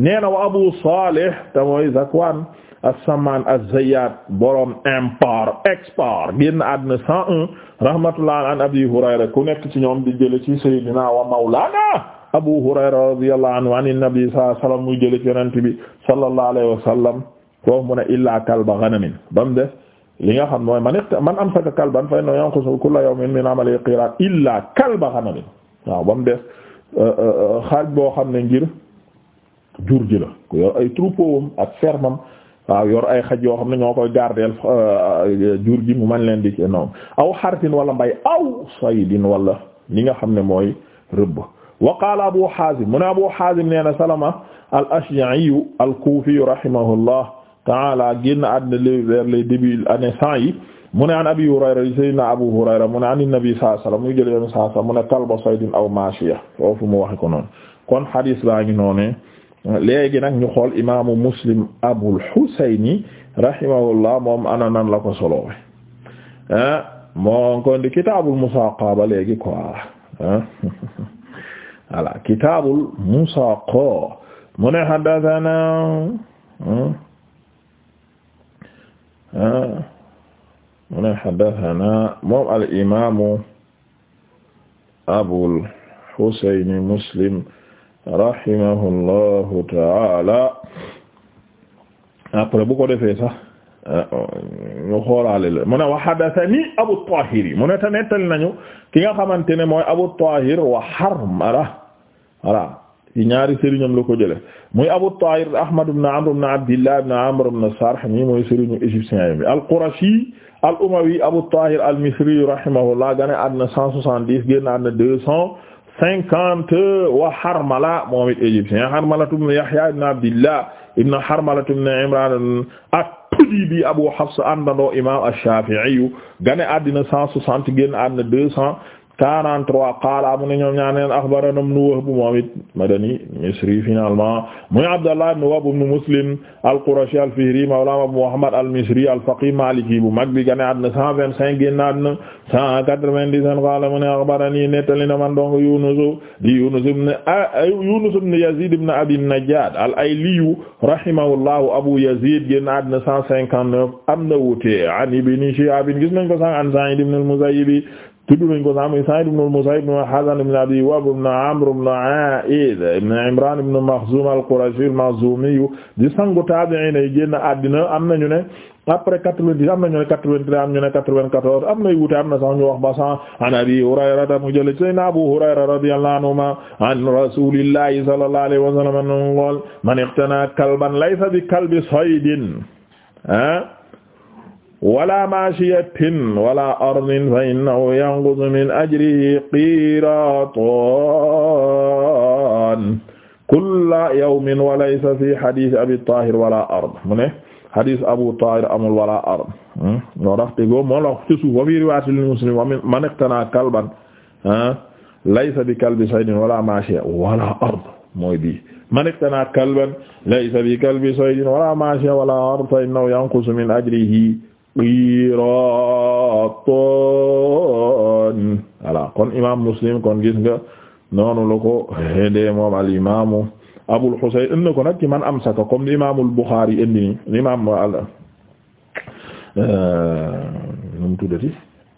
nee na wa Abu Salih te mooy Zakwan as-Samman az-Zayyat borom import export génn àdduna 101 rahmatullah an Abi Hurayra ku nekk ci ñoom di jële ci Seydina wa Mawlana Abu Hurayra radiyallahu anhu an nabi sallallahu alayhi wa sallam muy jële ci yonent bi sallallahu alayhi wa sallam foofu mu ne illaa kalba ghanamin ba mu def li nga xam mooy man man amsaka kalban fa innahu min amali jur ji la ku yor ay troupeau am ak fermam waaw yor ay xaj yoo xam ne ñoo koy gardeel euh, jur ji mu man leen di ci noom aw xarfin wala mbay aw saydin wala li nga xam ne mooy rëbb wa qaala abu hazim mu ne abu nee na salama al ashja'i al kufi rahimahullah taala génn àddina le vers les débuts année cent yi mu ne an abi hurayra sayyidina abu hurayra mu ne an nabi sallallahu alayhi wasallam muy jël yoon sallallahu mu ne kalba saydin aw maashiya foofu mu waxe ko noonu kon hadis baa ngi léegi nag ñu xool imaamu muslim abul xusayni rahimahullah moom ana la ko solo ah moo ko di kitaabul musaaqa ba léegi quoi ah voilà kitaabul musaaqa mu ne hmm? ah, moom al imaamu abul muslim rahimahullahu taala après bu ko defee sax ñu xoolaale la mu ne wa hadathani Abu Tahir yi mu ne te nettali nañu ki nga xamante ne mooy Abu Tahir wa Harmala voilà ci ñaari sëriñam la ko jële muy Abu Tahir Ahmad ibn Amr ibn Abdillah ibn Amr ibn Sarh mi mooy sëriñu égyptien yi al-Qurashi al-Umawi Abu Tahir al-Misri rahimahullah gane àddina 170 génn àddina 200 cinquante wa Harmala moom it égyptien Harmala ibn Yahya ibn Abdillah ibn Harmala ibn Imran at-Tujibi Abu Hafs àndandoo imam ash-Shafi'i gane àddina cent soixante génn àddina deux cent 43 qaala mu ne ñoom ñaar neen axbarana ibn Wahb moom it madani misri finalement muy Abdallah ibn Wahb ibn Muslim al-Qurashi al-Fihri mawla Abu Muhammad al-Misri al-faqih maliki bu mag bi gane adna 125 génn adna 190 qaala mu ne axbarani nettali na man donc Yunus di Yunus ibn Yunus ibn Yazid ibn Abi Najjad al-Ayli rahimahullahu Abu Yazid génn adna 159 am na wuute an Ibn Shihab gis nañ ko sànq an Sa'id ibn al-Musayyib tudd nañ ko sax muy Sa'id ibn al-Musayyib ibn Hazan ibn Abi Wahb ibn Amr ibn A'id ibn Imran ibn Makhzum al-Qurashi al-Makhzumi di sangu taabi'iin yi génn àddina am nañu ne après 90 am nañu ne 93 am ñu ne 94 am nay wuute am na sax ñu wax ba sax an Abi Hurayrata mu jële sayna Abu Hurayra radiyallahu anhuma an rasulillahi sallallahu alayhi wa sallam man iqtana kalban laysa bi kalbi saydin ah wala maashiyatin wala ardin fa innahu yanqusu min ajrihi qiraatan kulla yawmin wa laysa fi hadith abi tahir wala ard mu ne hadith abu tahir amul wala ard ñoo hmm? tax tegoo moo la ci suuf wa fi riwaayatil muslim wa man iqtana kalban laysa bi kalbi saydin wala maashiya wala ard mooy bi man iqtana kalban laysa bi kalbi saydin wala maashiya wala ard fa innahu yanqusu min ajrihi qiraatan voilà kon imam muslim kon gis nga noonu la ko hede moom al imamu abul husayn inna ko nag ci man amsaka comme ni imam al bukhari indi ni imam al nu mu tuddati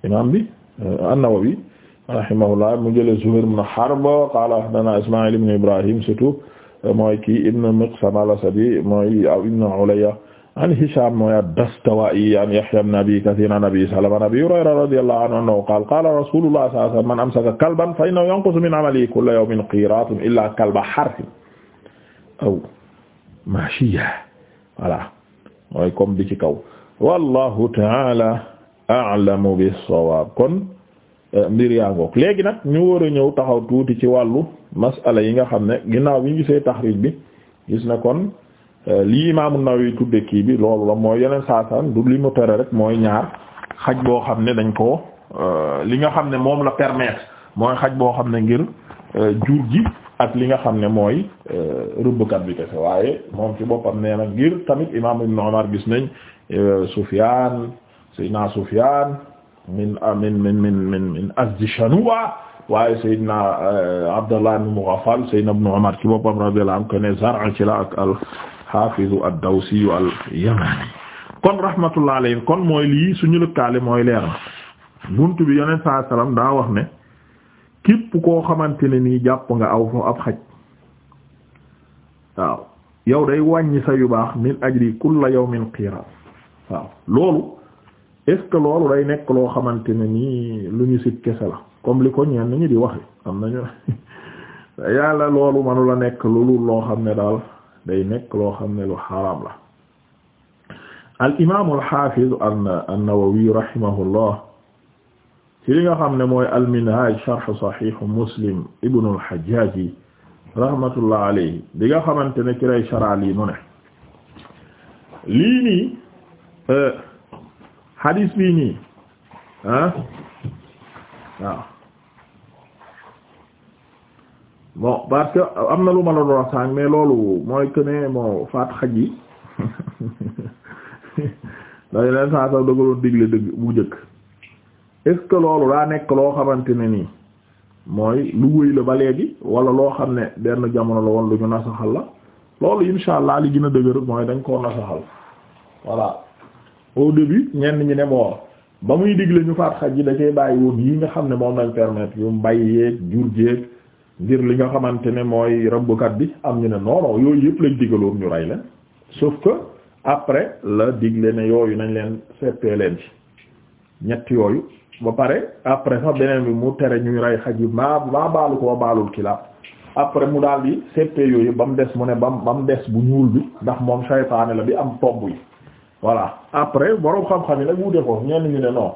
imam bi euh, an-nawawi rahimahullah mu jële zuhair ibn harb qala hadana isma'il ibn ibrahim surtout euh, mooy ki ibn miqsam al-asadi mooy ibn ulayya an Hisham mooy ad-Dastawaa'i an Yahya Abi Kathiir an Abi Salama an Abi Hurayra radiyallahu anhu qaala qaala rasuulullahi sallallahu alayhi wa sallam man amsaka kalban fa innahu yanqusu min amalihi kulla yawmin qiiraatun illaa kalba harsin aw maashiyah voilà mooy comme bi ci kaw wallahu ta'ala a'lamu bis-sawaab kon eh, mbir yaa ngoog léegi nag ñu war taxaw tuuti ci wàllu masala yi nga xam ne ginnaaw bi ñu gisee taxriij bi gis kon Euh, lii Imaam An-Nawawi tudde kii bi loolu la mooy yeneen saa san du li mu tere rek mooy ñaar xaj boo xam ne dañ ko euh, li nga xam ne moom la permettre mooy xaj boo xam ne ngir euh, jur gi ak li nga xam ne mooy rëbbkat bi kese waaye moom ci boppam nee na ngir tamit Imaam Ibn Umar gis nañ Sufyaan Seydina Sufyaan ah, min min min min min min Azdi Shanuwa waaye Seydina Abdallah ibn Mughaffal Seydina Ibn Umar ci boppam radiyallahu anhu ne Zar'a ci la ak al xaafizu ad-Dawsi al-Yamani kon rahmatullah kon mooy lii suñu lëkkaale mooy leer na buntu bi yonent saa salaam daa wax ne képp koo xamante ne nii jàpp nga aw fo ab xaj waaw yow day wàññi sa yu baax min ajri kulla yawmin qiran waaw loolu est-ce que loolu day nekk loo xamante ne nii lu ñu sit kese la comme li ko ñeen ñu di waxe am na nañu yàlla loolu manu la nekk loolu loo xam ne daal day nekk loo xam ne lu xaraam la al imaamu alxafiz an-Nawawi rahimahullah ci li nga xam ne mooy al-Minhaj sharh Sahih Muslim ibn al-Hajjaj rahmatullah alayhi bi nga xamante ne ci lay sharaal yi mu ne lii nii euh, hadis bii nii ah waaw bo parce que euh, am na lu ma la doon sànq mais loolu mooy que ne moo faat xaj yi dañ leen saa sax da ko doon digle dëgg bu njëkk est loolu daa nekk loo xamante ne nii mooy lu wëy la ba léegi wala loo xam ne benn jamono la woon lu ñu nasaxal la loolu insha li gën a dëgër mooy dañ koo nasaxal voilà au début ñenn ñi ne moo ba muy digle ñu faat xaj yi da cay bàyyi woon yi nga xam ne moom lañ permettre yu mu bàyyi jur jeeg ngir li nga xamante ne mooy rëbbkat bi am ñu ne non non yooyu yëpp lañ digaloon ñu rey leen sauf que après la digle ne yooyu nañ leen seetee leen ci ñett yooyu ba pare après sax beneen bi mu tere ñuy rey xaj yi maa maa baalu ko baalul kilaab après mu daal di seetee yooyu ba mu des mu ne ba mu des bu ñuul bi ndax moom saytaane la bi am tomb yi voilà après borom xam-xam yi nag wute ko ñenn ñu ne non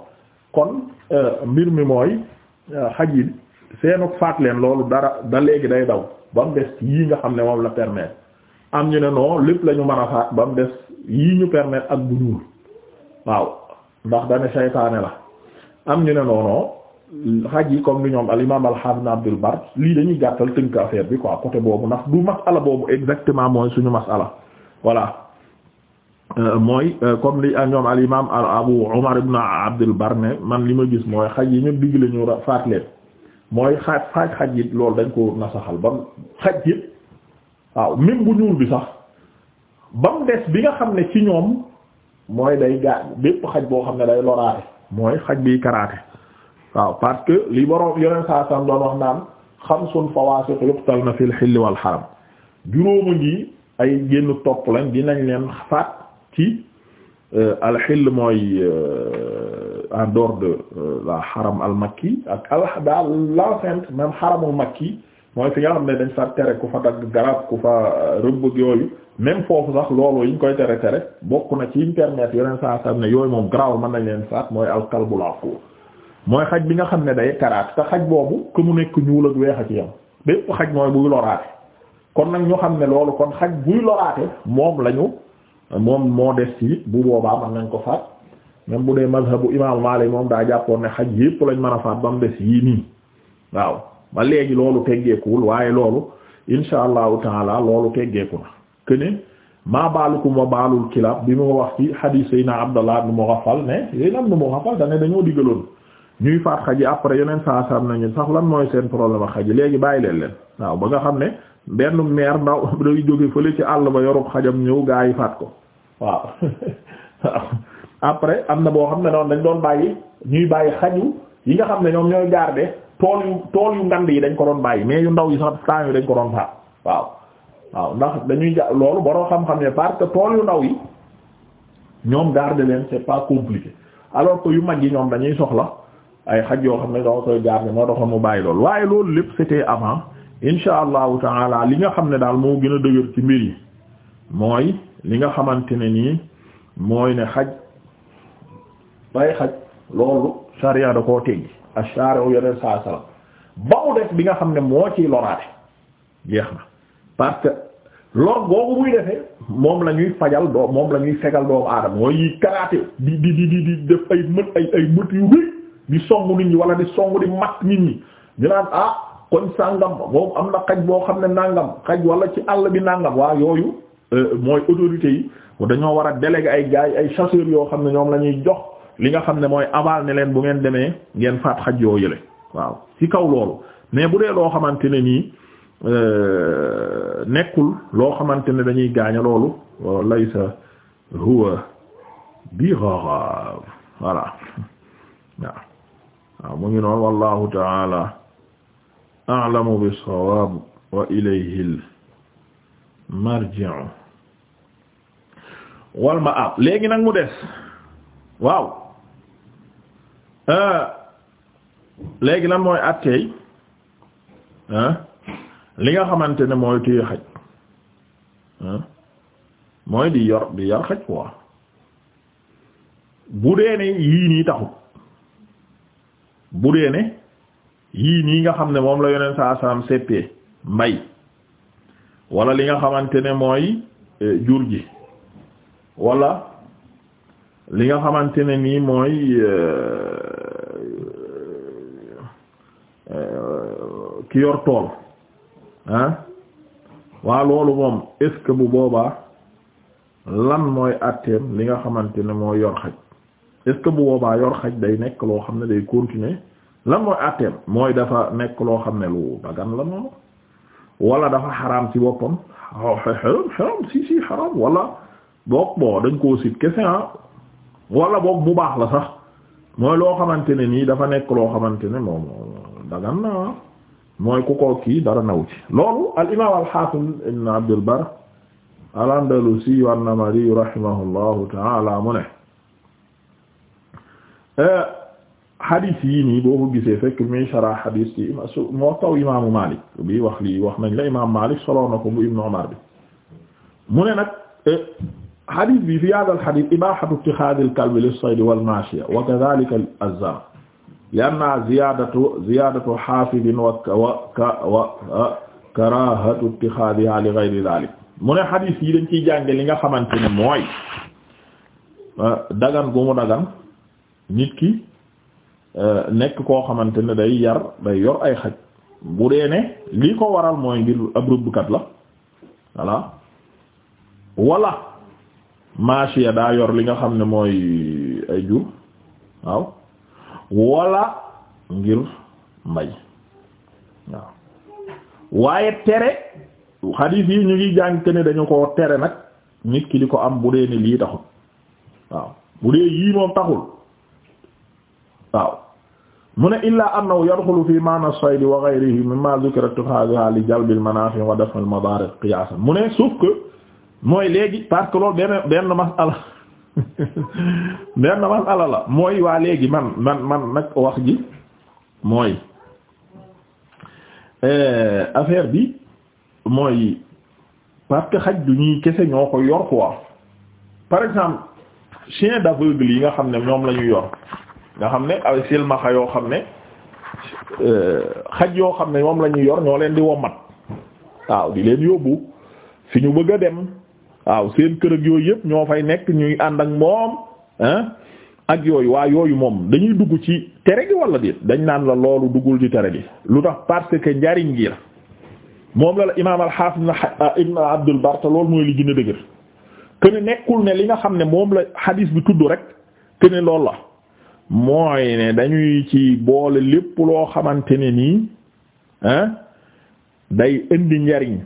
kon euh, mbir mi mooy euh, xaj yi. seenuk faat leen loolu dara da léegi day daw ba mu des yii nga xam ne moom la permettre am ñu ne non lépp la ñu mën a faat ba mu des yii ñu permettre ak bu ñuul waaw ndax dane saytaane la am ñu ne non non xaj yi comme ni ñoom al imam alxaasna abdul bar lii dañuy gàttal tënk affaire bi quoi côté boobu ndax du masala boobu exactement mooy suñu masala voilà euh, mooy euh, comme li euh, ñoom al imam abu umar ibn abdul bar ne man li ma gis mooy xaj yi ñu digg la ñu faat leen mooy xaaj xaaj xaj it loolu dañ ko nasaxal ba mu xaj it waaw même bu ñuul bi sax ba des bi nga xam ne ci ñoom mooy day gaa bépp xaj boo xam ne day loraate mooy xaj biy karaate waaw parce que li boroom yeneen saa sam doon wax naan xamsun fawaasiq yuqtalna fil hilli wal haram juróoma ngi ay génn topp lañ dinañ leen faat ci euh, al mooy euh, en dehors de euh, la haram al makki ak al daal l'enceinte même haramul makki mooy fi nga xam ne dañ fa tere ku fa dagg garab ku fa euh, rëbb yooyu même foofu sax loolu yiñ koy tere tere bokk na ci yiñ permettre yeneen saa tam ne yooyu moom garaaw mën nañ leen faat mooy al kalbul aqur mooy xaj bi nga xam ne day karaat te xaj boobu que mu nekk ñuul ak weex a ci yam bépp xaj mooy buy loraate kon nag ñu xam ne loolu kon xaj buy loraate moom lañu moom moo des ci bu boobaa mën nañ ko faat même bu dee mazhabu imaamu Maalik moom daa jàppoon ne xaj yépp lañ mën a faat ba mu des yii nii waaw ba léegi loolu teggeekuwul waaye loolu insha allahu taala loolu teggeeku na këne maa baalukum wa baalul kilaab bi mu wax ci xadiis Seydina Abdallah ibn Mughaffal ne Seydina ibn Mughaffal dane dañoo diggaloon ñuy faat xaj yi après yeneen saa sam nañu sax lan mooy seen problème a xaj yi léegi bàyyi leen leen waaw ba nga xam ne benn meer ndaw day jóge fële ci àll ba yorub xajam ñëw gaa yi faat ko waaw après am na boo xam ne noonu dañ doon bàyyi ñuy bàyyi xaju yi nga xam ne ñoom ñooy garder tool yu tool yu ngand yi dañ ko doon bàyyi mais yu ndaw yi sax temps dañ ko doon faat waaw waaw ndax dañuy ja loolu baroo xam-xam ne parce que tool yu ndaw yi ñoom garder leen c'est pas compliqué alors que yu mag yi ñoom dañuy soxla ay xaj yoo xam ne doo koy garder moo taxoon mu bàyyi loolu waaye loolu lépp c'était avant insha allahu taala li nga xam ne daal moo gën a dëgër ci mbir yi mooy li nga xamante ne nii mooy ne xaj bay xaj loolu sharia da koo teggi ak sharia yeneen saa salaam ba mu def bi nga xam ne moo ci loraate jeex na parce que lor googu muy defee moom la ñuy fajal doo moom la ñuy fegal doomu aadama mooy yi karaate di di di di def ay mët ay ay mët yu rëy di song nit ñi wala di song di mat nit ñi ñu naan ah koñ sàngam moom am na xaj boo xam ne nàngam xaj wala ci àll bi nàngam waa yooyu euh, mooy autorités yi dañoo war a déléguer ay gars ay chasseurs yoo xam ne ñoom la ñuy jox li nga xam ne mooy aval ne leen bu ngeen demee ngeen faat xaj yoo yële waaw ci kaw loolu mais bu dee loo xamante ne nii euh, nekkul loo xamante ne dañuy gaaña loolu laysa huwa bi gharab voilà waaw mu ngi noonu wallahu ta'ala a'lamu bis-sawab wa ilayhi al-marji'u wal ma'ab léegi nag mu des waaw Ah. léegi lan mooy àtteey ah. li nga xamante ne mooy téye xaj ah. mooy di yor di yar xaj quoi bu dee ne yii nii taxut bu dee ne yii nii nga xam ne moom la yoneen saa saam seppee mbay wala li nga xamante ne mooy eh, jur gi wala li nga xamante ne nii mooy eh, ki yor tool ah waa loolu moom est bu boobaa lan mooy àtteem li nga xamante ne moo yor xaj est bu boobaa yor xaj day nekk loo xam ne day continuer lan mooy àtteem mooy dafa nekk loo xam ne lu dagan la noonu wala dafa xaraam ci boppam oh, xaram si si xaram wala boog bon dañ koo sit kese ah wala boog bu baax la sax mooy loo xamante ne nii dafa nekk loo xamante ne moom dagan na mooy ku ko kii dara naw ci loolu al imaam al haafid ibn abdul bar al andalusi wa an-namari rahimahullahu taala mu ne hadith yi nii boo ko gisee fekk muy sharah hadith yi moo taw imaamu Malik bi wax lii wax nañ la imaam Malik solo na ko bu ibn Umar bi mu ne nag e, hadith bi fi hadha al hadith ibaahatu ittikhadhi al kalbi lis-sayd wal maashiya wa kadhalika az-zar li anna ziyaadatu ziyaadatu xaafidin wa wa karaahatu ittixaadihaa li gayri daalik mu ne xadiis yi dañ ciy jànge li nga xamante ne mooy euh, dagan gu mu dagan nit ki euh, nekk koo xamante ne day yar day yor ay xaj bu dee ne lii ko waral mooy ngir ab rëbbkat la voilà wala maasiya daa yor li nga xam ne mooy ay jur waaw wala ngir may waaw waaye tere xadiis yi ñu ngi jàng ne dañu ko tere nag nit ki di ko am bu dee ni lii taxul waaw bu dee yii moom taxul waaw mu ne illaa annahu yadxulu fi maana as-sayd wa ghayrihi mimma dhukira ittikhaaduha li jalbi al-manaafi' wa daf'i al-madaari' qiyaasan mu ne sauf que mooy léegi parce que loolu benn benn masala benn masala la mooy waa léegi man man man nag wax ji mooy eh, affaire bi mooy parce que xaj du ñuy kese ñoo ko yor quoi par exemple chien d'aveugle yi nga xam ne ñoom la ñu nga xam ne ay silmaxa yoo xam ne eh, xaj yoo xam ne ñoom la ñu yor ñoo leen di womat waaw di leen yóbbu fi ñu bëgg a dem waaw seen kër ak yooyu yëpp ñoo fay nekk ñuy ànd ak moom ak yooyu waa yooyu moom dañuy dugg ci tere gi wala déet dañ naan la loolu duggul ci tere gi lu tax parce que njariñ gi la moom la la imaam al ah, ibn Abdul Barr loolu mooy li gën a dëgër que nekkul ne li nga xam ne moom la hadis bi tudd rek que ne loolu la mooy ne dañuy ci boole lépp loo xamante ne nii day indi njariñ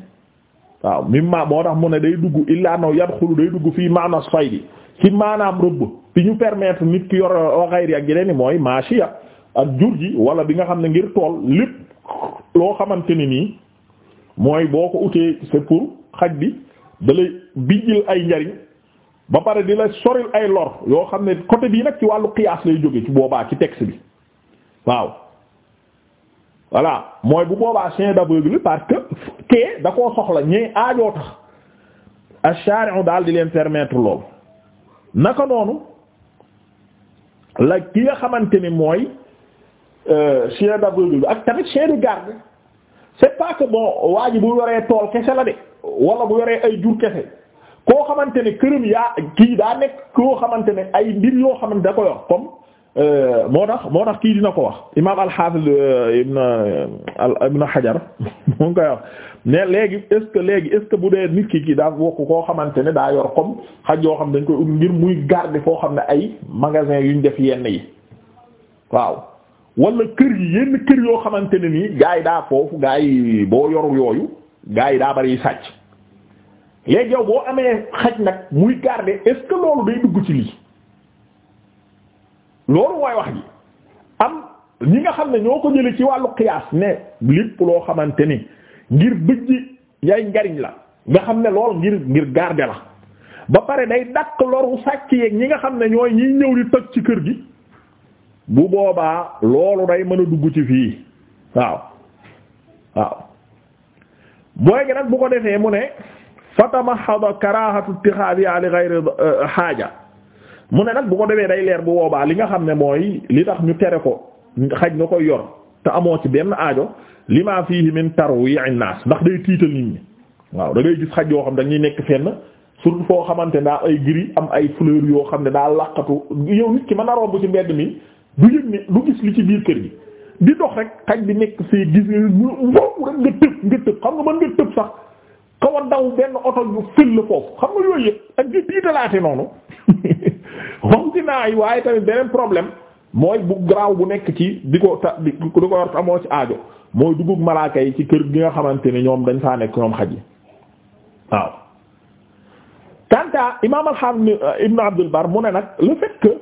waaw mimma moo tax mu ne day dugg illaa naw yadxulu day dugg fii maana saydi ci maanaam rëbb bi ñu permettre nit ki yor waxayri euh, ak yeneen mooy maashiya ak jur gi wala bi nga xam ne ngir tool lépp loo xamante ne nii mooy boo ko utee c'est xaj bi dalay bijjil ay njariñ ba pare di la soril ay lor yoo xam ne côté bii nag ci wàllu qiyaas lay jóge ci boobaa ci texte bi waaw voilà mooy bu boobaa chien d'aveugle parce que kee da koo soxla ñee aajoo tax ash-shari'u daal di leen permettre loolu naka noonu la ki nga xamante ni mooy euh, chien d'aveugle bi ak tamit chien de garde c'est pas que bon waa ji bu yoree tool kese la de wala bu yoree ay jur kese koo xamante ne këram yaa kii daa nekk koo xamante ne ay mbir yoo xamante da ko yor comme Euh, moo tax moo tax kii dina ko wax imaam al-Hafiz euh, ibn euh, ibn Hajar mu ngi koy wax ne léegi est que léegi est que bu dee nit kii ki daa wokk koo xamante ne daa yor comme xaj yoo xam dañ koy ut ngir muy garder foo xam ne ay magasin yuñ def yenn yi waaw wala kër yenn kër yoo xamante ne nii gaa yi daa foofu gaa yi boo yoru yooyu gaa yi daa bari sàcc léegi yow boo amee xaj nag muy garder est-ce que loolu day dugg ci lii loolu mooy wax ji am ñi nga xam ne ñoo ko jële ci wàllu qiyaas ne lépp loo xamante ni ngir bëj yay njariñ la nga xam ne lool ngir ngir garder la ba pare day dakk loru sàcc yeeg ñi nga xam ne ñooy ñiy ñëw di toj ci kër gi bu boobaa loolu day mën a dugg ci fii waaw waaw booy gi nag bu ko defee mu ne fatama xada karahatu itixaadiha li ghayri xaaja mu ne nag bu ko defee day leer bu boobaa li nga xam ne mooy li tax ñu tere ko xaj nga koy yor te amoo ci benn aajo lima fihi min tarwi'in nas ndax day tiital nit ñi waaw da ngay gis xaj yoo xam dañuy nekk fenn surtout foo xamante daa ay gris am ay fleur yoo xam ne daa laqatu yow nit ki mën a romb ci mbedd mi du yëg ne du gis li ci biir kër gi di dox rek xaj bi nekk see gis wow rek nga tëb nga tëb xam nga mën nga tëb sax kaw daw benn oto bu fël foofu xam nga yooyu yëpp ak di tiitalaate noonu xomtinaa yi waaye tamit beneen problème mooy bu garaaw bu nekk ci di ko ta di ko yor amoo ci aajo mooy dugub malaaka yi ci kër gi nga xamante ne ñoom dañ saa nekk ñoom xaj yi waaw kanta imam alham euh, ibnu abdul bar mu ne nag le fait que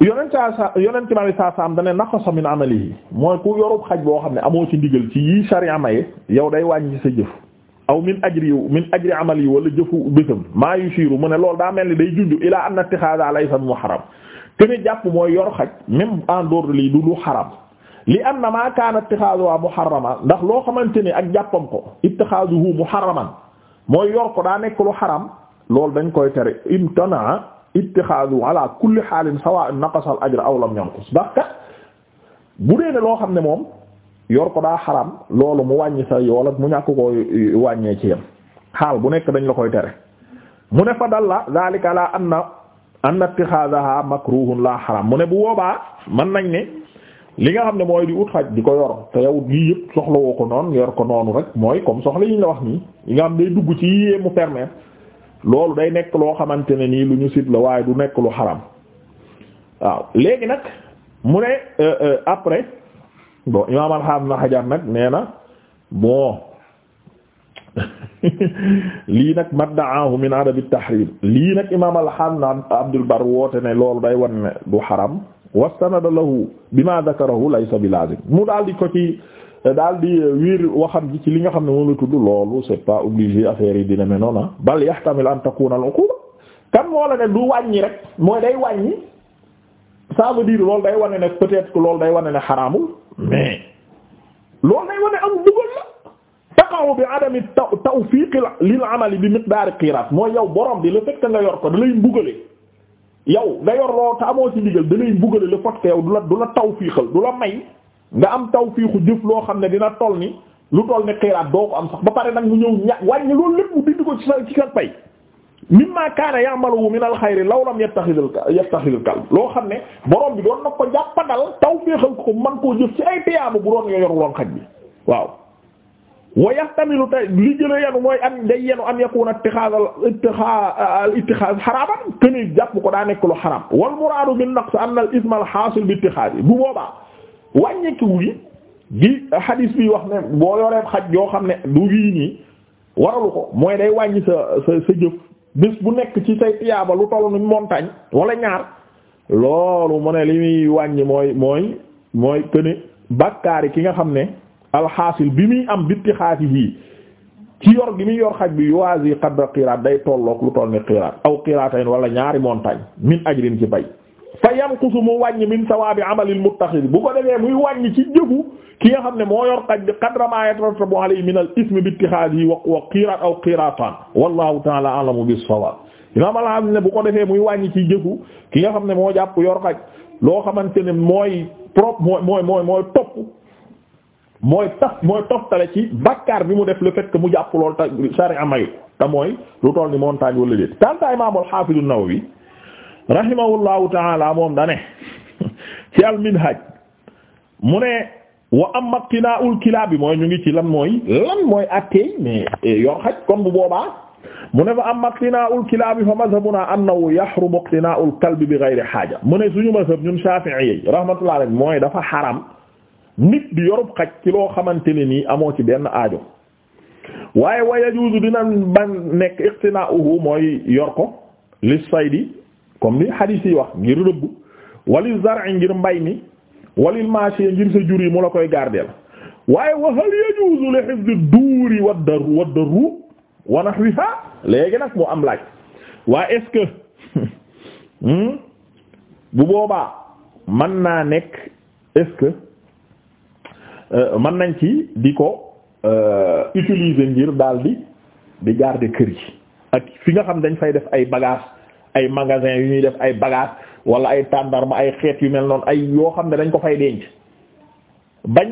yonentaa euh, yonente mali saa saam dane naqasa min amalihi mooy ku yorub xaj boo xam ne amoo ci ndigal ci yi sariya maye yow day wàññi ci sa jëf aw min ajri min ajri amali wala jëfu bésam maa yushiru mu ne loolu daa mel ni day junj ilaa anna ittixaada laysa bi muharram te ne jàpp mooy yor xaj même en dehors de lii du lu xaram li anna maa kaana ittixaaduha muharrama ndax loo xamante ni ak jàppam ko ittixaaduhu muharraman mooy yor ko daa nekk lu xaram loolu dañ koy tere imtanaa ittixaadu ala kulli xaalin sawaa'un naqasa al ajr aw lam yanqus ndax kat bu dee ne loo xam ne moom. yor ko daa xaram loolu mu wàññi sa yool mu ñàkk ko wàññee ci yam xaal bu nekk dañ la koy tere mu ne fa dalla zalika la anna anna ittixadaha makruhun laa xaram mu ne bu woobaa man nañ ne li nga xam ne mooy di ut faj di ko yor te yow yii yëpp soxla woo ko noonu yor ko noonu rek mooy comme soxla yi ñu la wax nii yi nga xam day dugg ci yiyee mu permettre loolu day nekk loo xamante ne nii lu ñu sit la waaye du nekk lu xaram waaw léegi nag mu ne euh, euh, après bon imaam alxaam na xajar nag nee na bon lii nag madda'ahu min adabi tahrim lii nag imaam alxaam na abdul bar woote ne loolu day wan du xaram wastanada lahu bi lazim mu di ko ci daal di wiir waxam ji ci li nga xam ne moom loolu c'est pas obligé affaire yi dina mel noonu ah. bal yahtamil an takuna al uquba kan moo ne du wàññi rek mooy day wàññi ça veut dire day wane ne peut-être que day wane ne xaraamul mais loolu lay wane am dugal la taqaw bi adami taw tawfiq lil amali bi miqdaar qiiraat mooy yow borom bi la fekk nga yor ko da lay mbugale yow nga yor loo te amoo ci ndigal da lay mbugale le fait que du la du la tawfiqal du la may nga am tawfiqu jëf loo xam ne dina toll ni lu toll ni qiiraat doo ko am sax ba pare nag mu ñëw ña wàññi loolu lépp mu dindi ko ci sa ci sa pay mimma kaana ya'malu min a xayri law lam yattaxidil yattaxidil loo xam ne borom bi doon na ko jàppandal tawfeexal ko man koo jëf ci ay tiyaabu bu doon yoru loon xaj bi waaw. wa yahtamilu tey li jëlee yenu mooy am day yenu an yakuna ittixaaz al-ittixaaz xaraaman këni jàpp ko daa nekk lu xaraam wal muraadu bin naqs anna al-isma al-xaasil bi ittixaazi bu boobaa wàññeeku gi gi xadiis bi wax ne boo yoree xaj yoo xam ne du yii nii waralu ko mooy day wàññi sa bés bu nekk ci say tiyaaba lu tollu ni montagne wala ñaar loolu mu ne li muy wàññi mooy mooy mooy këne bàkkaari ki nga xam ne alxaasil bi muy am bitti xaasi yii ci yor gi muy yor xaj bi yuwaasi qadra qiraat day tollook lu toll ni qiraat aw qiraatayn wala ñaari montagne min ajrin ci bay fa yanqusu mu wàññi min sawaabi amalil muttaxid bu ko defee muy wàññi ci jëfu ki nga xam ne moo yor xaj bi qadra ma yatrattabu alayhi min al ismi bi ittixaadihi wa wa qirat aw qiratan wallahu ta'ala a'lamu bis sawaab imaam alham ne bu ko defee muy wàññi ci jëfu ki nga xam ne moo jàpp yor xaj loo xamante ne mooy prop mooy mooy mooy mooy topp mooy tax mooy ci bakkaar bi mu def le fait mu jàpp lool te sari amayu te mooy lu toll ni montagne wala déet tanta imaam al-Hafiz an-Nawawi rahimahullahu taala moom dane ci al-Minhaj mu ne wa amma qinaa'ul kilaab bi mooy ñu ngi ci lan mooy lan mooy atteey mais eh, yor xaj kon bu boobaa mu ne fa amma qinaa'ul kilaab bi fa mazhabuna annahu yahrumu qinaa'ul kalbi bi ghayri haaja mu ne suñu mazhab ñun Shaafi'i yi rahmatullahi alayhi mooy dafa xaram nit di yorub xaj ci loo xamante ne nii amoo ci benn aajo waaye wa yajuuzu dina ban nekk iqtinaa'uhu mooy yor ko li saydi comme li hadith yi wax ngir rëbb walil zar'i ngir mbay mi walil maché ngir sa jur yi mu la koy gardeel waaye wa hal yajuzu li hifdi duuri wa daru wa daru wa nahwiha léegi nag moo am laaj waa est-ce que hmm? bu boobaa mën naa nekk est-ce que euh, mën nañ ci di ko euh, utiliser ngir daal di di garder kër yi ak fi nga xam dañ fay def ay bagages ay magasin yu ñuy def ay bagages wala ay tàndarma ay xeet yu mel noon ay yoo xam ne dañ ko fay denc bañ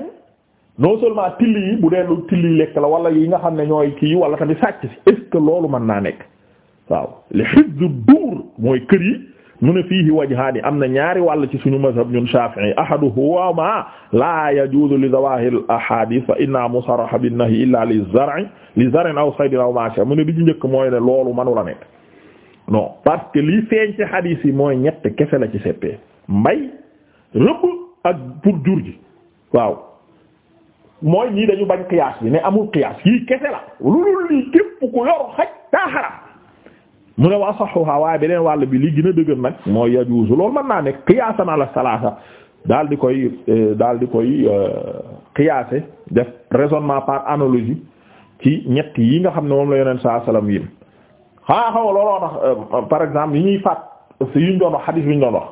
non seulement till yi bu dee lu till yi lekk la wala yi nga xam ne ñooy kii wala tamit sàcc si est que loolu mën naa nekk waaw li xibdu duur mooy kër yi mu ne fiihi wajhaani am na ñaari wàll ci suñu mazhab ñun Shafi'i ahaduhuma la yajuzu li zawahir al ahadith fa inna musarraha bin nahy illa li zar'i li zar'in aw saydin aw macha mu ne bi njëkk mooy ne loolu mënu nekk non parce que li feeñ ci xadiis yi mooy ñett kese la ci seppee mbay rëbb ak pour jur ji waaw mooy ñii dañu bañ qiyaas bi ne amul qiyaas yii kese la loolu lii képp ku yor xaj daa xaram mu ne waa saxuha waaye beneen wàll bi li gën a dëgër nag mooy yajuuzu loolu mën naa ne qiyaasan ala salaasa daal di koy eh, daal di koy eh, qiyaase def raisonnement par analogie ci ñett yi nga xam ne moom la yoneen saa salaam yim xanaa xaw ma looloo tax euh, par exemple yi ñuy faat yuñ doon wax xadiis bi ñu doon wax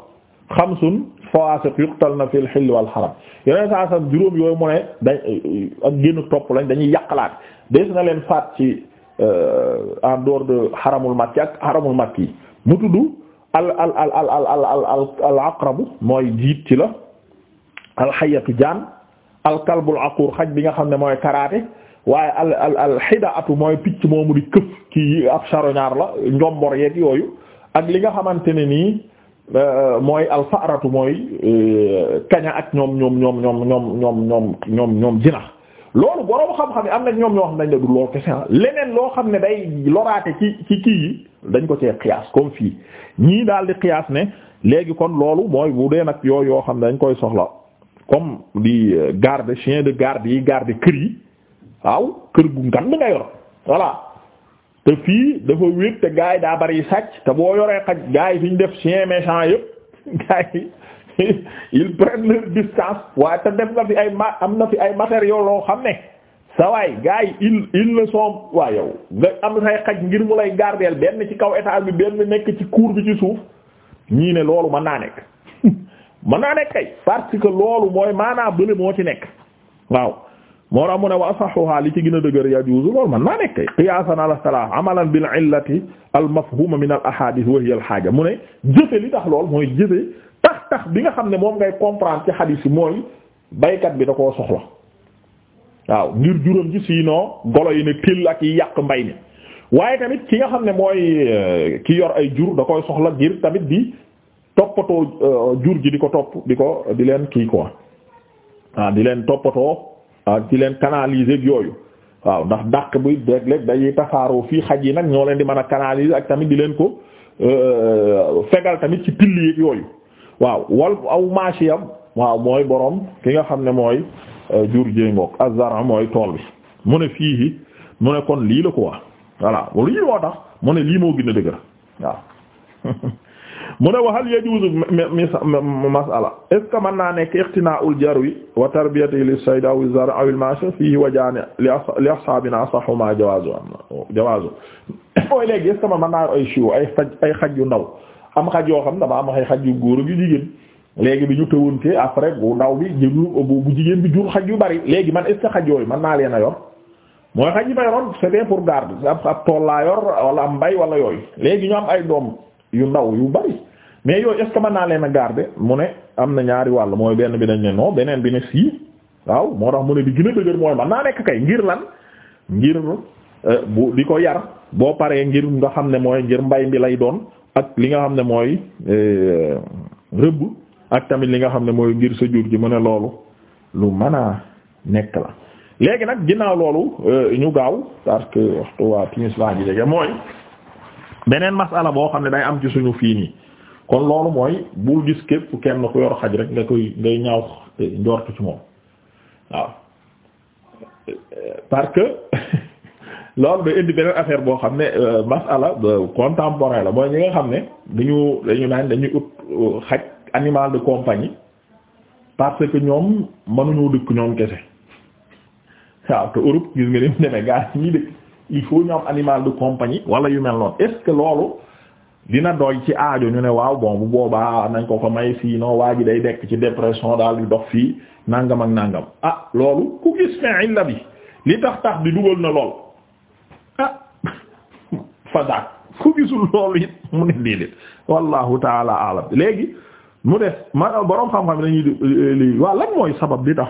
xamsun fawaasiq yuqtalna fil hill wal haram yeneen saa sax juróom yooyu mu ne dañ euh, ak génn topp lañ dañuy yàqalaat des na leen faat ci euh, en dehors de haramul makki ak haramul makki mu tudd al al al al al al al al aqrabu mooy jiit ci la al hayatu al xaj bi nga xam ne mooy karaate. waaye al al al xida atu mooy picc moomu di këf ki ab charognard la njombor yeeg yooyu ak li nga xamante ne nii euh, mooy al mooy euh, kaña ak ñoom ñoom ñoom ñoom ñoom ñoom ñoom jinax loolu boroom xam-xam yi am na ñoom ñoo xam nañ ne du loolu kese ah. leneen loo xam ne day loraate ci ci kii yi dañ ko cee xiyaas comme fii ñii daal di ne léegi kon loolu mooy bu dee nag yooyu yoo xam ne dañ koy soxla comme di euh, garde chien de garde yi garde kër yi waaw kër gu ngan nga yor voilà te fii dafa wéet te gars yi daa bari sàcc te boo yoree xaj gars yi fi ñu def chien méchant yëpp gars yi ils prennent leur distance waaye te def na fi ay ma am na fi ay matériaux loo xam ne sa waay gars yi ils ils le waa yow nga am na say xaj ngir mu lay gardeel benn ci kaw étage bi benn nekk ci cour bi ci suuf ñii ne loolu mën naa nekk mën naa nekk kay parce que loolu mooy maanaa bële moo ci nekk waaw moo tax mu ne wa asaxuha li ci gën a dëgër yajuuzu loolu man naa nekk qiyaasan ala salaah amalan bil illati al mafhuma min al ahadith wa hiya al haaja mu ne jëfe li tax lool mooy jëfe tax tax bi nga xam ne moom ngay comprendre ci xadiis yi mooy baykat bi da koo soxla waaw ngir juróom ci siinoo golo yi ne till ak yi yàq mbay mi waaye tamit ki nga xam ne mooy euh, ki yor ay jur da koy soxla ngir tamit di toppatoo euh, jur ji di ko topp di ko di leen kii quoi waaw ah, di leen toppatoo waaw ci leen canaliser ak yooyu waaw ndax dàq buy dégleeg dañuy tasaaroo fii xaj yi nag ñoo leen di mën a canaliser ak tamit di leen ko euh, fegal tamit ci pill yi yooyu waaw wal aw maashiyam waaw mooy boroom ki nga xam ne mooy euh, jur jéy ak azara mooy tool bi mu ne fii mu ne kon lii la ko wax voilà lii moo tax mu ne lii moo gin a dëgër waaw mu ne waxal yajuuzu masala est-ce que mën naa nekk ixtinaa'ul jarwi wa tarbiyatihi lis-sayd aw az-zar' aw al-maasha fiihi wajhaani li ashaabinaa sahhu maa jawaazu jawaazu mooy léegi est-ce que man mën ay chiw ay xaj ay xaj yu ndaw am xaj yoo xam dama am ay xaj yu góor yu jigéen léegi bi ñu tëwante après bu ndaw bi jëlu jigéen bi jur xaj yu bari léegi man est-ce que xaj yooyu mën naa leen a yor mooy xaj yi ma yoroon c'était pour garde ab ab tool laa yor wala am mbay wala yooyu léegi ñu am ay doom yu ndaw yu bari mais yooyu est-ce naa leen a garder mu ne am na ñaari wàll mooy benn bi dañ ne non beneen bi ne sii waaw moo tax mu ne di gën a dëgër mooy man naa nekk kay ngir lan ngir euh, bu di ko yar boo paree ngir nga xam ne mooy ngir mbay mi lay doon ak li nga xam ne mooy euh, rëbb ak tamit li nga xam ne mooy ngir sa jur gi mu ne loolu lu mën a nekk la léegi nag ginnaaw loolu euh, ñu gaaw parce que waxtu waa timis laa ji jege mooy beneen masala boo xam ne day am ci suñu fii nii kon loolu mooy bu gis képp kenn ku yor xaj rek nga koy ngay ñaaw njort ci moom waaw parce que loolu da indi beneen affaire boo xam ne euh, masala euh, contemporain la mooy ñi nga xam ne dañu dañu naan dañuy ut euh, xaj animal de compagnie parce que ñoom mënuñoo dëkk ñoom kese waaw te Europe gis nga ni mu gaa ñi dëkk il faut ñu am animal de compagnie wala yu mel noonu est-ce que loolu dina doy ci aajo ñu ne waaw bon bu boobaa nañ ko ko may fii non waa ji day dekk ci dépression daal di dox fii nangam ak nangam ah loolu ku gis fin illa bi li tax tax di dugal na lool ah fadak ku gisul loolu it mu ne déedéet wallahu taala alam léegi mu def ma boroom xam-xam dañuy eh, li waaw mooy sabab li tax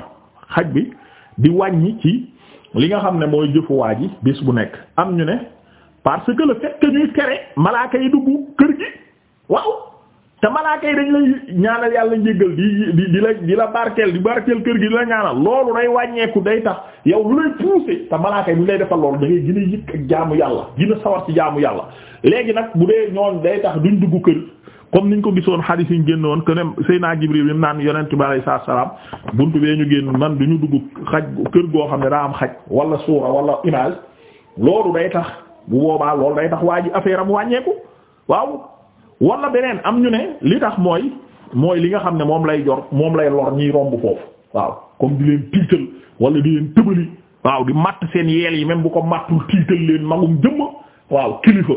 xaj bi di wàññi ci li nga xam ne mooy jëfuwaa ji bis bu nekk am ñu ne parce que le fait que ñuy tere malaaka yi dugg kër gi waaw te malaaka yi dañ lay ñaanal yàlla njéggal di di di la di la barkeel di barkeel kër gi di la ñaanal loolu day wàññeeku day tax yow lu lay pousser te malaaka yi bu ñu defal loolu da ngay gën a yëg ak jaamu yàlla gën sawar ci jaamu yàlla léegi nag bu dee ñoon day tax duñ dugg kër comme niñ ko gisoon xadis yi ñu génn woon que naa Seyna Jibril bi mu naan yonent bi alayhi salaam buntu bee ñu génn man du ñu dugg xaj kër goo xam ne daa am xaj wala suura walla image loolu day tax bu boobaa loolu day tax waa ji affaire am wàññeeku waaw. wala beneen am ñu ne li tax mooy mooy li nga xam ne moom lay jor moom lay lor ñiy romb foofu waaw comme di leen tiital wala di leen tëbali waaw di matt seen yeel yi même bu ko mattul tiital leen magum jëmm waaw kilifa.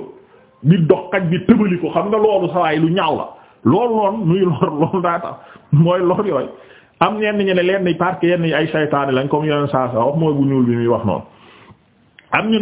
bi doxkat bi tëbali ko xam nga loolu sawaay lu ñaaw la loolu noonu muy lor loolu daa tax mooy lor yooyu am ñenn ñi ne leen parce que yenn ay saytaane lañ comme yeneen saa saa bu ñuul bi muy wax noonu am ne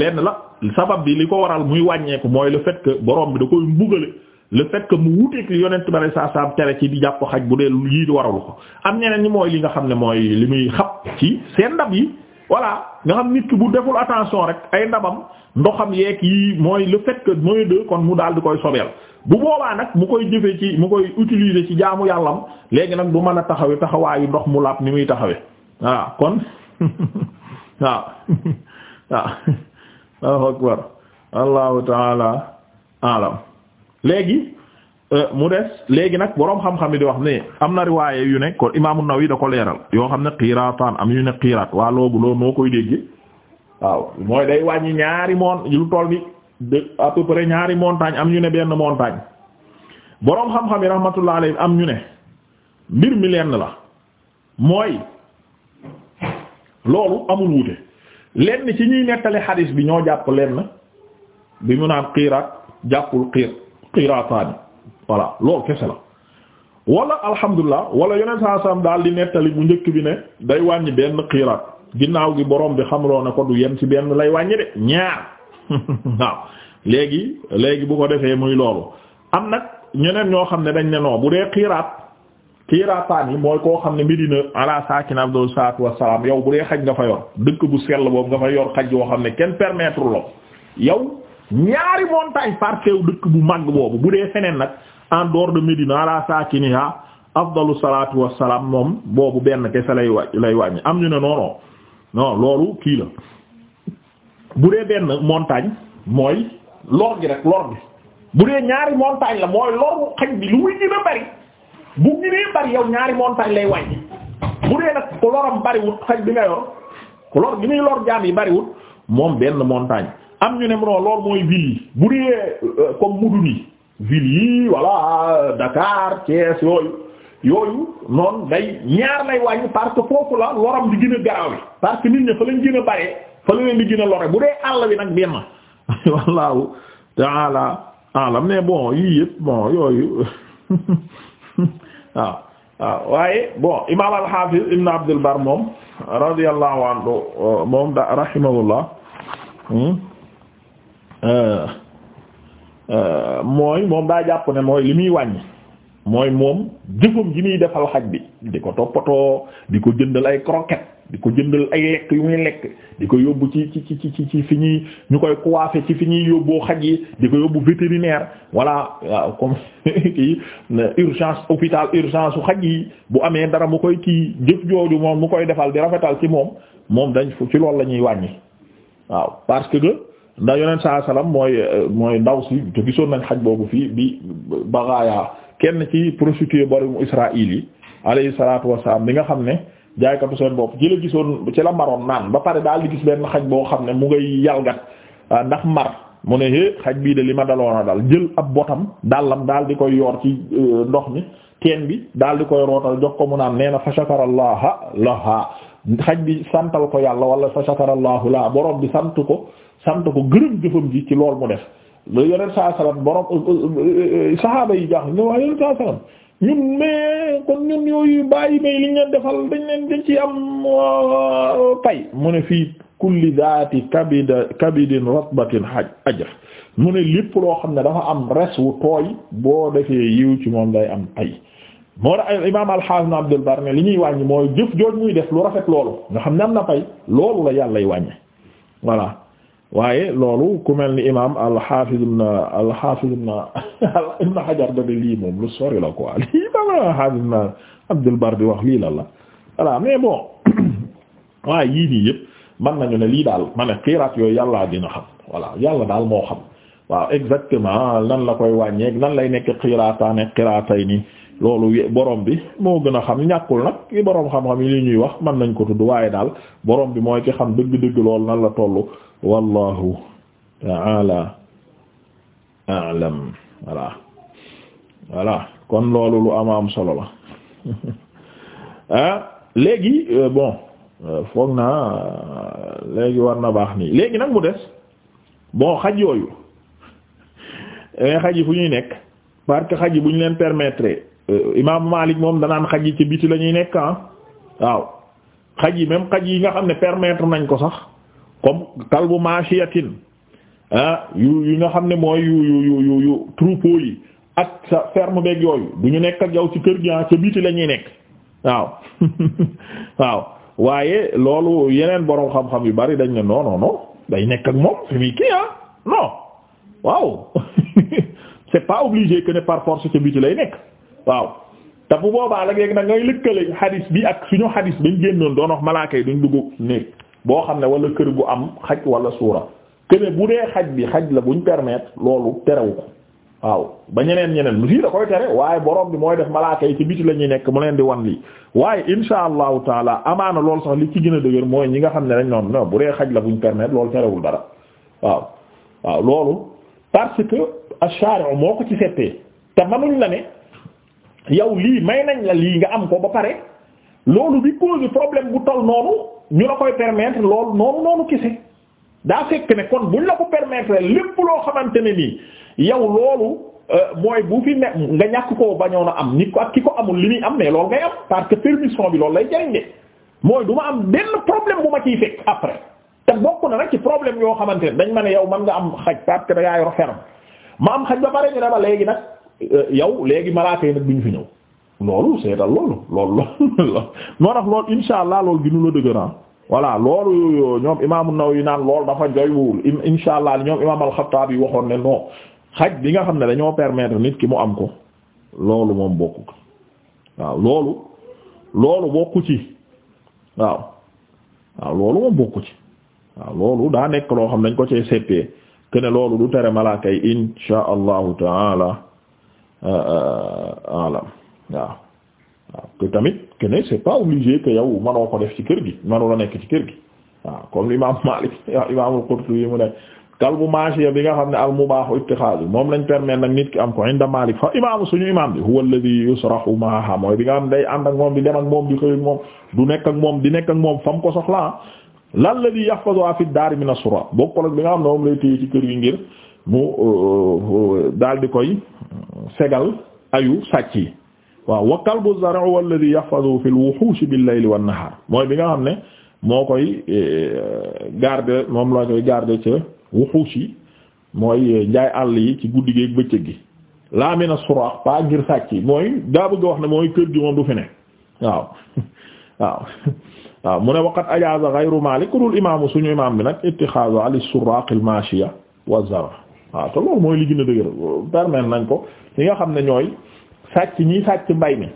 lenn la sabab bi li ko waral muy wàññeeku mooy le fait que borom bi da koy mbugale le fait mu wuteeg li yonent bare saa saa tere ci di jàpp xaj bu dee lii di waralu ko am ñeneen ñi mooy li nga xam ne mooy li muy xab ci seen ndab yi voilà nga xam nit ki bu deful attention rek ay ndabam ndoxam yeeg yi mooy le fait que mooy de kon mu daal di koy sobeel bu boobaa nag mu koy jëfee ci mu koy utiliser ci jaamu yàllam léegi nag du mën a taxawee taxawaayu ndox mu laab ni muy taxawee waaw kon waaw waaw waaw akbar allahu taala alam léegi euh, mu des léegi nag boroom xam-xam yi di wax ne am na riwaaye yu ne ko imaamu Nawawi da ko leeral yoo xam ne qiiraataan am yu ne qiiraat waa loogu loolu noo koy dégg waaw mooy day wàññi ñaari moon lu toll ni de à ñaari montagne am ñu ne benn montagne boroom xam-xam yi rahmatullah alayhi am ñu ne mbir mi lenn la mooy loolu amul wuute lenn ci ñuy nettali xadis bi ñoo jàpp lenn bi mu naan xiiraat jàppul xiir xiiraataani voilà loolu kese la wala alhamdulilah wala yeneen saa saam daal di nettali bu njëkk bi ne day wàññi benn xiiraat ginnaaw gi borom bi xamloo na ko du yem ci benn lay wàññi de ñaar waaw léegi léegi bu ko defee muy loolu am nag ñeneen ñoo xam ne dañ ne non bu dee xiiraat xiraataan yi mooy koo xam ne Medina ala sakin abdul salaatu wassalaam yow bu dee xaj nga fa yor dëkk bu sell boobu nga fa yor xaj yoo xam ne kenn permettre lo yow ñaari montagne par teew dëkk bu mag boobu bu dee feneen nag en dehors de Medina ala sakiniha afdalu salaatu wassalaam moom boobu benn kese lay wàññi lay wàññi am ñu ne non non loolu kii la bu dee benn montagne mooy lor gi rek lor gi bu dee ñaari montagne la mooy loru xaj bi lu muy gën a bari bu gënee bari yow ñaari montagne lay wàññi bu dee nag ku loram bariwul xaj bi nga yor ku lor gi muy lor jaam yi bariwul moom benn montagne am ñu ne non loolu mooy ville yi bu dee euh, comme mudun yi ville yi voilà Dakar Thiès yooyu yooyu noonu day ñaar lay wàññi parce que foofu la loram di gën a garawe nit ñi fa lañ gën a bare fa la leen di gën a lore bu dee àll bi nag benn wallahu ta'ala alam mais bon yii yëpp bon yooyu waaw waaw waaye bon imaam al-Hafiz ibn Abdul Bar moom radiyallahu anhu moom da rahimahullah hmm, euh, euh, mooy moom daa jàpp ne mooy li muy wàññi mooy moom jëfam ji muy defal xaj bi di ko toppatoo di ko jëndal ay croquettes di ko jëndal ay lekk yu muy lekk di ko yóbbu ci ci ci ci ci fi ñuy ñu koy coiffer ci fi ñuy yóbbu xaj yi di ko yóbbu vétérinaire voilà comme kii urgence hôpital urgence u xaj yi bu amee dara mu koy kii jëf jooju moom mu koy defal di rafetal ci moom moom dañ fu ci loolu la ñuy wàññi waaw parce que. ndax yonent saa salaam mooy mooy ndaw si te gisoon nañ xaj boobu fii bi bagaaya kenn ci prostituée bariwum Israël yi alayhi salaatu wassalaam bi nga xam ne jaaykatu seen bopp ci la gisoon ci la maroon naan ba pare daal di gis benn xaj boo xam ne mu ngay yalgat ah, ndax mar mu ne xaj bii de li ma daloon a dal jël ab botam dàllam daal di koy yor ci euh, ndox mi teen bi daal di koy rootal jox ko mu naan nee na fa shakarallaha laha xaj bi santal ko yàlla wala fa shakaralahu la borom bi sant ko sant ko gërëm jëfam ji ci lool mu def la yeneen saa salaam borom euh, euh, euh, saxaaba yi jaaxle ne waa yeneen saa salaam ñun mais kon ñun yooyu bàyyi may li ngeen defal dañ leen dañ ci am pay mu ne fii kulli daati kabida kabidin ratbatin haj ajr mu ne lépp loo xam ne dafa am res wu tooy boo defee yiw ci moom day am pay moo tax imaam alxaas na Abdul Bar ne li ñuy wàññi mooy jëf jooj muy def lu rafet loolu nga xam ne am na pay loolu la yàlla lay wàññi voilà waaye loolu ku mel ni imaam al-Hafiz ibn al-Hafiz ibn ibn Hajar da lii moom lu sori la quoi lii da di wax lii la la voilà mais bon waaye yii nii yëpp mën nañu ne lii daal ma ne xiraat yooyu yàllaa dina xam voilà yàlla daal moo xam waaw exactement nan la koy wàññeeg nan lay nekk xiraataane xiraatay nii loolu borom bi moo gën a xam ñàkkul nag li borom xam-xam yi li ñuy wax mën nañ ko tudd waaye daal borom bi mooy ci xam dëgg-dëgg loolu nan la tollu wallahu taala aalam voilà voilà kon loolu lu ama am solo la ah léegi euh, bon euh, foog naa euh, léegi war na baax nii léegi nag mu des bon xaj yooyu eh, xaj yi fu ñuy nekk parce xaj yi bu ñu leen permettre imam Malik moom danaan xaj yi ci biti la ñuy nekk ah waaw xaj yi même xaj yi nga xam ne permettre nañ ko sax comme kalbu machiatin ah yu yu nga xam ne mooy yu yu yu yu yu troupeau ak sa ferme beeg yooyu du ñu nekk ak yow ci kër gi ah ca biti la ñuy nekk waaw waaw waaye loolu yeneen boroom xam-xam yu bari dañ ne non non day nekk ak moom fi muy kii ah non waaw c'est pas obligé que ne par force ca biti lay nekk waaw te bu boobaa la léegi nag ngay lëkkale xadis bi ak suñu xadis bañ génnoon doon wax malaaka yi duñ dugg néeg boo xam ne wala kër gu am xaj wala suura kene bu dee xaj bi xaj la buñ permettre loolu terewu ko waaw ba ñeneen ñeneen mu si da koy tere waaye borom bi mooy def malaaka yi ci biti la ñuy nekk mu leen di wan lii waaye insha allahu taala amaana loolu li ci gën a dëgër mooy ñi nga xam ne dañ noonu non bu dee xaj la buñ permettre loolu terewul dara waaw waaw loolu parce que ash moo ko ci settee te manuñ la ne yow lii may nañ la lii nga am ko ba pare loolu di pose problème bu tol noonu ñu la koy permettre loolu noonu noonu kese daa fekk ne kon buñ la ko permettre lépp loo xamante ne nii yow loolu euh, mooy bu fi ne nga ñàkk koo bañoon a am nit ko ak ki ko amul li muy am ne loolu ngay am parce que permission bi loolu lay jariñ de mooy du ma am benn problème bu ma ciy fekk après te bokk na nag ci problème yoo xamante ne dañ ma ne yow man nga am xaj parce que da ngaa ma am xaj ba pare ñu ne léegi nag euh, yow léegi malaaka yi nag duñ fi ñëw. loolu seetal loolu loolu loolu moo tax loolu insha allah loolu ginu la dëgëran ah. voilà loolu ñoom imaamu Nawawi naan lool dafa joywul insha allah ñoom imaam al-Xattaabi waxoon ne non xaj bi nga xam ne dañoo permettre nit ki mu am ko loolu moom bokku waaw loolu loolu bokku ci waaw waaw loolu moom bokku ci waaw loolu daa nekk loo xam ne dañ ko cee seppee que loolu du tere malaaka yi insha allahu taala alam waaw waaw te tamit que ne c'est pas obligé que yow manoo ko def ci kër gi manoo la nekk ci kër gi waaw comme l'imam Malik imamul Qurtubi mu ne kalbu maashiya bi nga xam ne al mubaahu ittixaadu moom lañ permettre nag nit ki am ko inda Malik fa imaamu suñu imaam bi huwa alladhi yusrahu maaha mooy bi nga xam ne day ànd ak moom di dem ak moom di xëy ak moom du nekk ak moom di nekk moom fam ko soxla la la di yahfazu fi daar min as-sura bokkul ak bi nga xam ne moom kër gi ngir mu euh, euh, daal di koy segal ayu waaw wa kalbu zar'u walladhi yahfazu mooy bi nga xam ne moo koy e, garder moom la koy garder yi mooy njaay àll yi ci guddi gi gi laa mina suraax pa ngir mooy daa bëgg wax ne mooy kër gi moom du fi ne waaw waaw waaw mu ne waqat ajaaza ghayru Maalik kurul imaamu suñu imaam bi wa zar waaw te loolu mooy li gën a dëgër permettre nañ ko ñi nga xam ne ñooy sàcc ñii sàcc mbay mi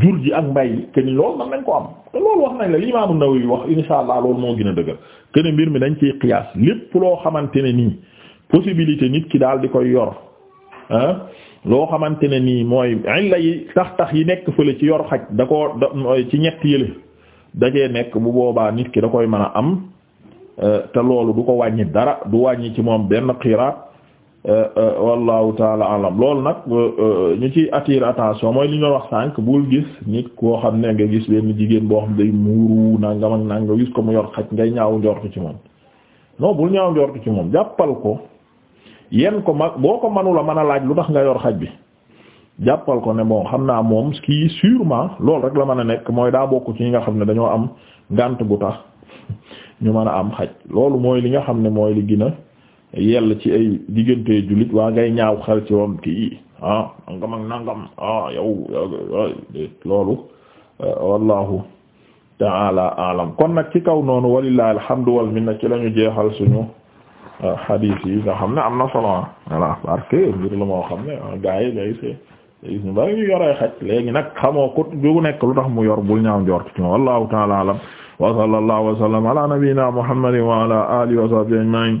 jur ji ak mbay yi kën ni loolu man nañ ko am te loolu wax nañ la li Imaamu Nawawi wax insha allah loolu moo gën a dëgër kën ne mbir mi dañ ciy qiyaas lépp loo xamante ne nii nit ki daal di koy yor loo xamante ne nii mooy illa yi tax tax yi nekk fële ci yor xaj da koo da ci ñett yële dajee nekk bu boobaa nit ki da koy mën a am euh, te loolu du ko wàññi dara du wàññi ci moom benn xiraat. Euh, euh, wallahu taala alam loolu nag euh, ñu ci attire attention mooy li ñu wax sànq bul gis nit koo xam ne nga gis benn jigéen boo xam day muuru nangam ak nangam gis ko mu yor xaj ngay ñaaw njortu ci moom non bul ñaaw njortu ci moom jàppal ko yenn ko ma boo ko manula mën a laaj lu tax nga yor xaj bi jàppal ko ne moom xam naa moom kii sûrement loolu rek la mën a nekk mooy daa bokk ci ñi nga xam ne dañoo am ngànt bu tax ñu mën a am xaj loolu mooy li nga xam ne mooy li gën yell ci ay diggante jullit waa ngay ñaaw xal ci wam ki ah nangam ak nangam ah yow loolu euh, wallahu taala alam kon nag ci kaw noonu walillahi alhamdu wal minna ci lañu jeexal suñu euh, hadith yi nga xam ne am na solo voilà parce que mbir la moo xam ne euh, gaa yi day see xamoo ko du nekk lu tax mu yor bul ñaaw njort ci moom wallahu taala alam wa sallallahu wa sallam ala nabiyyina muhammadin wa ala alihi wa sahbihi ajma'in